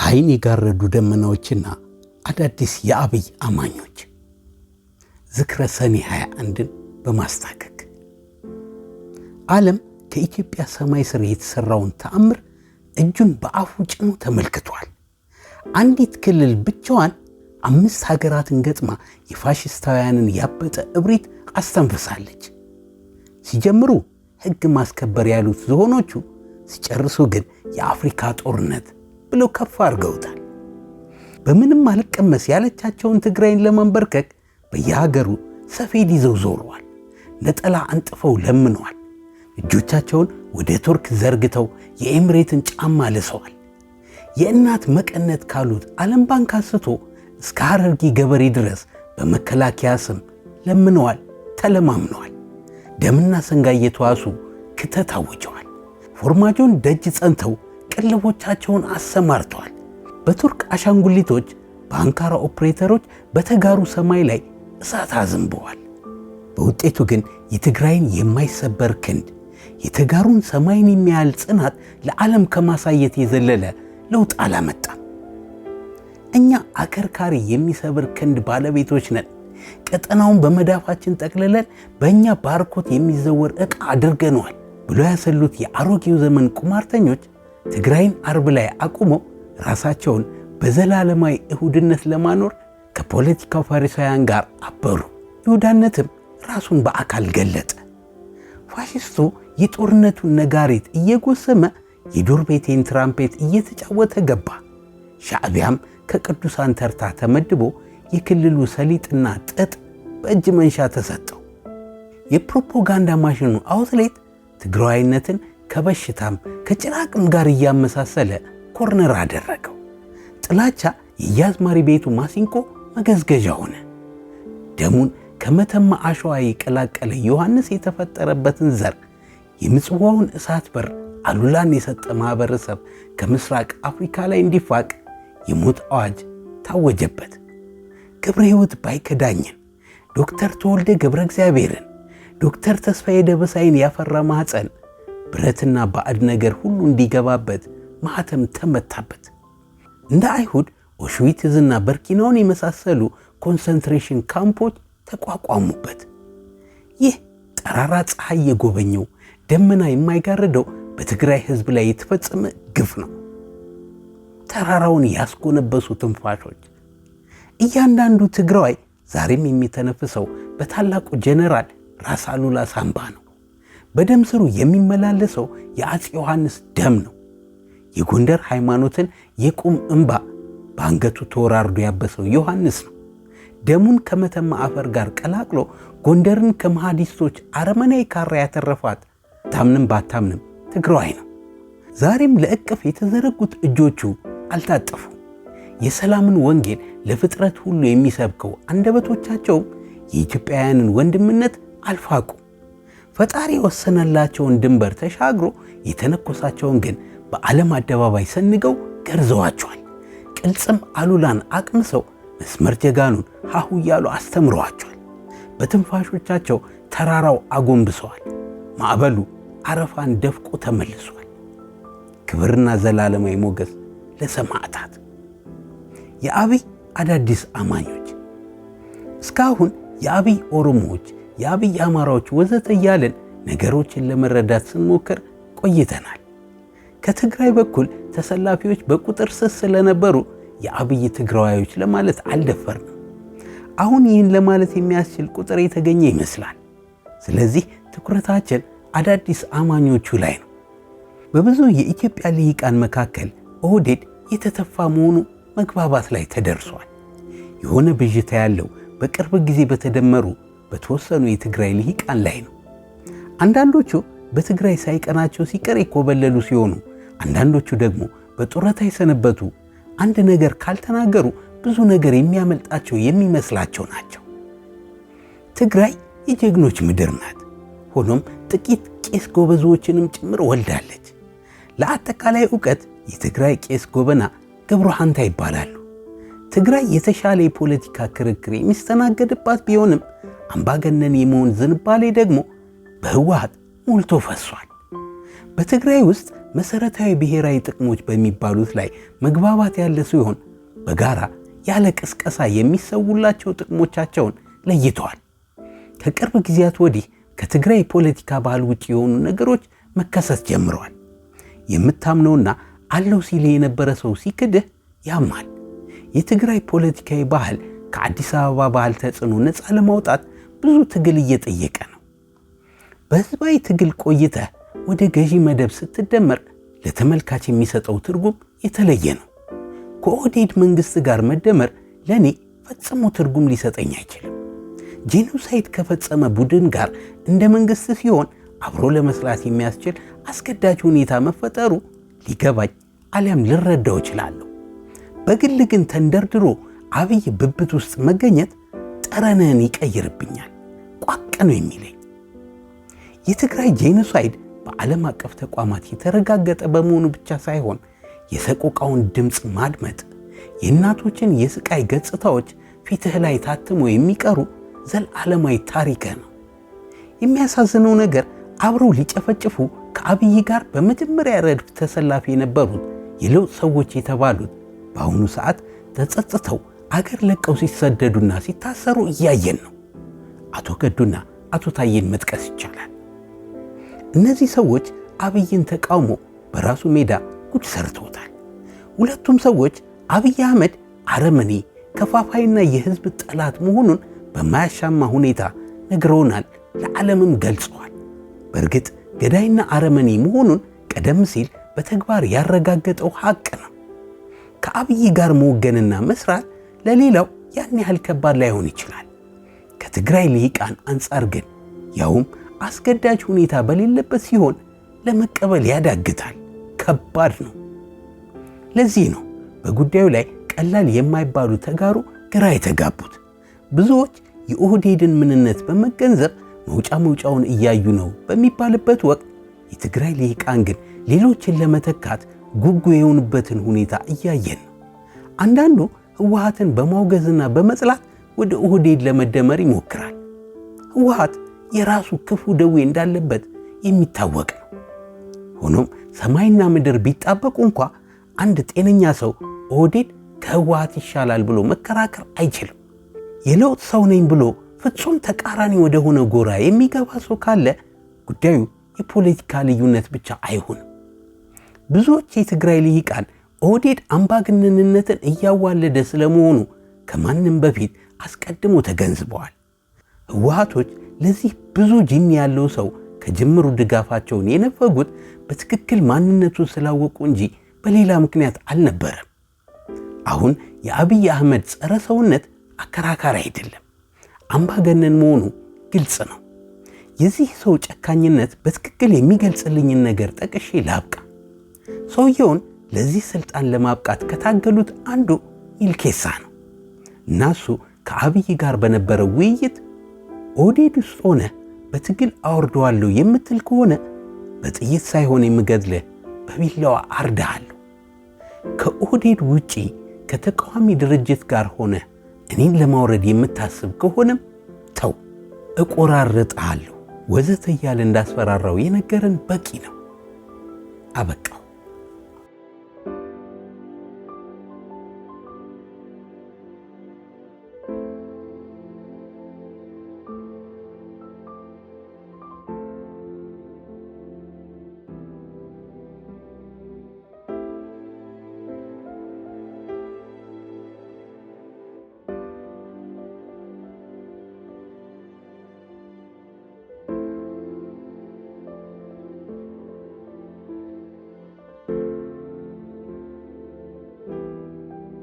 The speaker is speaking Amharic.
ፀሐይን የጋረዱ ደመናዎችና አዳዲስ የአብይ አማኞች ዝክረ ሰኔ 21ን በማስታከክ ዓለም ከኢትዮጵያ ሰማይ ስር የተሠራውን ተአምር እጁን በአፉ ጭኖ ተመልክቷል። አንዲት ክልል ብቻዋን አምስት ሀገራትን ገጥማ የፋሽስታውያንን ያበጠ እብሪት አስተንፍሳለች። ሲጀምሩ ሕግ ማስከበር ያሉት ዝሆኖቹ ሲጨርሱ ግን የአፍሪካ ጦርነት ብለው ከፍ አድርገውታል። በምንም አልቀመስ ያለቻቸውን ትግራይን ለመንበርከክ በየሀገሩ ሰፌድ ይዘው ዞረዋል። ነጠላ አንጥፈው ለምነዋል። እጆቻቸውን ወደ ቱርክ ዘርግተው የኤምሬትን ጫማ ልሰዋል። የእናት መቀነት ካሉት ዓለም ባንክ አንስቶ እስከ ሐረርጌ ገበሬ ድረስ በመከላከያ ስም ለምነዋል፣ ተለማምነዋል። ደምና ሰንጋ እየተዋሱ ክተት አውጀዋል። ፎርማጆን ደጅ ጸንተው ቅልቦቻቸውን አሰማርተዋል። በቱርክ አሻንጉሊቶች በአንካራ ኦፕሬተሮች በተጋሩ ሰማይ ላይ እሳት አዝንበዋል። በውጤቱ ግን የትግራይን የማይሰበር ክንድ የተጋሩን ሰማይን የሚያህል ጽናት ለዓለም ከማሳየት የዘለለ ለውጥ አላመጣም። እኛ አከርካሪ የሚሰብር ክንድ ባለቤቶች ነን። ቀጠናውን በመዳፋችን ጠቅልለን በእኛ ባርኮት የሚዘወር ዕቃ አድርገነዋል ብሎ ያሰሉት የአሮጌው ዘመን ቁማርተኞች ትግራይን አርብ ላይ አቁመው ራሳቸውን በዘላለማዊ እሁድነት ለማኖር ከፖለቲካው ፋሪሳውያን ጋር አበሩ። ይሁዳነትም ራሱን በአካል ገለጠ። ፋሽስቱ የጦርነቱን ነጋሪት እየጎሰመ የዱር ቤቴን ትራምፔት እየተጫወተ ገባ። ሻዕቢያም ከቅዱሳን ተርታ ተመድቦ የክልሉ ሰሊጥና ጥጥ በእጅ መንሻ ተሰጠው። የፕሮፓጋንዳ ማሽኑ አውትሌት ትግራዋይነትን ከበሽታም ከጭራቅም ጋር እያመሳሰለ ኮርነር አደረገው። ጥላቻ የአዝማሪ ቤቱ ማሲንቆ መገዝገዣ ሆነ። ደሙን ከመተማ አሸዋ የቀላቀለ ዮሐንስ የተፈጠረበትን ዘር የምጽዋውን እሳት በር አሉላን የሰጠ ማኅበረሰብ ከምሥራቅ አፍሪካ ላይ እንዲፋቅ የሞት አዋጅ ታወጀበት። ገብረ ሕይወት ባይከዳኝን ዶክተር ተወልደ ገብረ እግዚአብሔርን ዶክተር ተስፋዬ ደበሳይን ያፈራ ማኅፀን ብረትና ባዕድ ነገር ሁሉ እንዲገባበት ማህተም ተመታበት። እንደ አይሁድ ኦሽዊትዝና በርኪናውን የመሳሰሉ ኮንሰንትሬሽን ካምፖች ተቋቋሙበት። ይህ ጠራራ ፀሐይ የጎበኘው ደመና የማይጋርደው በትግራይ ህዝብ ላይ የተፈጸመ ግፍ ነው። ተራራውን ያስጎነበሱ ትንፋሾች። እያንዳንዱ ትግራዋይ ዛሬም የሚተነፍሰው በታላቁ ጀነራል ራስ አሉላ ሳንባ ነው። በደም ስሩ የሚመላለሰው የአፄ ዮሐንስ ደም ነው። የጎንደር ሃይማኖትን የቁም እንባ በአንገቱ ተወራርዶ ያበሰው ዮሐንስ ነው። ደሙን ከመተማ አፈር ጋር ቀላቅሎ ጎንደርን ከመሐዲስቶች አረመናዊ ካራ ያተረፋት ታምንም ባታምንም ትግራዋይ ነው። ዛሬም ለእቅፍ የተዘረጉት እጆቹ አልታጠፉ። የሰላምን ወንጌል ለፍጥረት ሁሉ የሚሰብከው አንደበቶቻቸውም የኢትዮጵያውያንን ወንድምነት አልፋቁ። ፈጣሪ የወሰነላቸውን ድንበር ተሻግሮ የተነኮሳቸውን ግን በዓለም አደባባይ ሰንገው ገርዘዋቸዋል። ቅልጽም አሉላን አቅምሰው መስመር ጀጋኑን ሀሁ እያሉ አስተምረዋቸዋል። በትንፋሾቻቸው ተራራው አጎንብሰዋል። ማዕበሉ አረፋን ደፍቆ ተመልሷል። ክብርና ዘላለማዊ ሞገስ ለሰማዕታት። የአብይ አዳዲስ አማኞች እስካሁን የአብይ ኦሮሞዎች የአብይ አማራዎች ወዘተ እያልን ነገሮችን ለመረዳት ስንሞክር ቆይተናል። ከትግራይ በኩል ተሰላፊዎች በቁጥር ስስ ስለነበሩ የአብይ ትግራዋዮች ለማለት አልደፈርንም። አሁን ይህን ለማለት የሚያስችል ቁጥር የተገኘ ይመስላል። ስለዚህ ትኩረታችን አዳዲስ አማኞቹ ላይ ነው። በብዙ የኢትዮጵያ ልሂቃን መካከል ኦህዴድ የተተፋ መሆኑ መግባባት ላይ ተደርሷል። የሆነ ብዥታ ያለው በቅርብ ጊዜ በተደመሩ በተወሰኑ የትግራይ ልሂቃን ላይ ነው። አንዳንዶቹ በትግራይ ሳይቀናቸው ሲቀር የኮበለሉ ሲሆኑ፣ አንዳንዶቹ ደግሞ በጡረታ የሰነበቱ አንድ ነገር ካልተናገሩ ብዙ ነገር የሚያመልጣቸው የሚመስላቸው ናቸው። ትግራይ የጀግኖች ምድር ናት። ሆኖም ጥቂት ቄስ ጎበዞችንም ጭምር ወልዳለች። ለአጠቃላይ እውቀት የትግራይ ቄስ ጎበና ገብሩ ሃንታ ይባላሉ። ትግራይ የተሻለ የፖለቲካ ክርክር የሚስተናገድባት ቢሆንም አምባገነን የመሆን ዝንባሌ ደግሞ በህወሓት ሞልቶ ፈሷል። በትግራይ ውስጥ መሰረታዊ ብሔራዊ ጥቅሞች በሚባሉት ላይ መግባባት ያለ ሲሆን በጋራ ያለ ቅስቀሳ የሚሰውላቸው ጥቅሞቻቸውን ለይተዋል። ከቅርብ ጊዜያት ወዲህ ከትግራይ ፖለቲካ ባህል ውጭ የሆኑ ነገሮች መከሰት ጀምረዋል። የምታምነውና አለው ሲል የነበረ ሰው ሲክድህ ያማል። የትግራይ ፖለቲካዊ ባህል ከአዲስ አበባ ባህል ተጽዕኖ ነፃ ለማውጣት ብዙ ትግል እየጠየቀ ነው። በህዝባዊ ትግል ቆይተ ወደ ገዢ መደብ ስትደመር ለተመልካች የሚሰጠው ትርጉም የተለየ ነው። ከኦህዴድ መንግሥት ጋር መደመር ለእኔ ፈጽሞ ትርጉም ሊሰጠኝ አይችልም። ጄኖሳይድ ከፈጸመ ቡድን ጋር እንደ መንግሥት ሲሆን አብሮ ለመስራት የሚያስችል አስገዳጅ ሁኔታ መፈጠሩ ሊገባኝ አሊያም ልረዳው እችላለሁ። በግል ግን ተንደርድሮ አብይ ብብት ውስጥ መገኘት ጠረንህን ይቀይርብኛል፣ ቋቅ ነው የሚለኝ። የትግራይ ጄኖሳይድ በዓለም አቀፍ ተቋማት የተረጋገጠ በመሆኑ ብቻ ሳይሆን የሰቆቃውን ድምፅ ማድመጥ የእናቶችን የስቃይ ገጽታዎች ፊትህ ላይ ታትሞ የሚቀሩ ዘለዓለማዊ ታሪከ ነው። የሚያሳዝነው ነገር አብረው ሊጨፈጭፉ ከአብይ ጋር በመጀመሪያ ረድፍ ተሰላፊ የነበሩት የለውጥ ሰዎች የተባሉት በአሁኑ ሰዓት ተጸጽተው አገር ለቀው ሲሰደዱና ሲታሰሩ እያየን ነው። አቶ ገዱና አቶ ታዬን መጥቀስ ይቻላል። እነዚህ ሰዎች አብይን ተቃውሞ በራሱ ሜዳ ጉድ ሰርተውታል። ሁለቱም ሰዎች አብይ አህመድ አረመኔ ከፋፋይና የህዝብ ጠላት መሆኑን በማያሻማ ሁኔታ ነግረውናል፣ ለዓለምም ገልጸዋል። በእርግጥ ገዳይና አረመኔ መሆኑን ቀደም ሲል በተግባር ያረጋገጠው ሐቅ ነው። ከአብይ ጋር መወገንና መስራት ለሌላው ያን ያህል ከባድ ላይሆን ይችላል። ከትግራይ ሊቃን አንጻር ግን ያውም አስገዳጅ ሁኔታ በሌለበት ሲሆን ለመቀበል ያዳግታል፣ ከባድ ነው። ለዚህ ነው በጉዳዩ ላይ ቀላል የማይባሉ ተጋሩ ግራ የተጋቡት። ብዙዎች የኦህዴድን ምንነት በመገንዘብ መውጫ መውጫውን እያዩ ነው በሚባልበት ወቅት የትግራይ ሊቃን ግን ሌሎችን ለመተካት ጉጉ የሆኑበትን ሁኔታ እያየን ነው። አንዳንዱ ህወሓትን በማውገዝና በመጥላት ወደ ኦህዴድ ለመደመር ይሞክራል። ህወሓት የራሱ ክፉ ደዌ እንዳለበት የሚታወቅ ነው። ሆኖም ሰማይና ምድር ቢጣበቁ እንኳ አንድ ጤነኛ ሰው ኦህዴድ ከህወሓት ይሻላል ብሎ መከራከር አይችልም። የለውጥ ሰው ነኝ ብሎ ፍጹም ተቃራኒ ወደሆነ ጎራ የሚገባ ሰው ካለ ጉዳዩ የፖለቲካ ልዩነት ብቻ አይሆንም። ብዙዎች የትግራይ ልሂቃን ኦህዴድ አምባገነንነትን እያዋለደ ስለመሆኑ ከማንም በፊት አስቀድሞ ተገንዝበዋል። ህወሓቶች ለዚህ ብዙ ጅን ያለው ሰው ከጅምሩ ድጋፋቸውን የነፈጉት በትክክል ማንነቱን ስላወቁ እንጂ በሌላ ምክንያት አልነበረም። አሁን የአብይ አህመድ ጸረ ሰውነት አከራካሪ አይደለም። አምባገነን መሆኑ ግልጽ ነው። የዚህ ሰው ጨካኝነት በትክክል የሚገልጽልኝን ነገር ጠቅሼ ላብቃ። ሰውየውን ለዚህ ስልጣን ለማብቃት ከታገሉት አንዱ ኢልኬሳ ነው እና እሱ ከአብይ ጋር በነበረው ውይይት ኦዴድ ውስጥ ሆነ በትግል አወርደዋለሁ የምትል ከሆነ በጥይት ሳይሆን የምገድለ በቢላዋ አርዳሃለሁ። ከኦዴድ ውጪ ከተቃዋሚ ድርጅት ጋር ሆነ እኔን ለማውረድ የምታስብ ከሆነም ተው እቆራርጥሃለሁ፣ ወዘተ እያለ እንዳስፈራራው የነገረን በቂ ነው። አበቃው።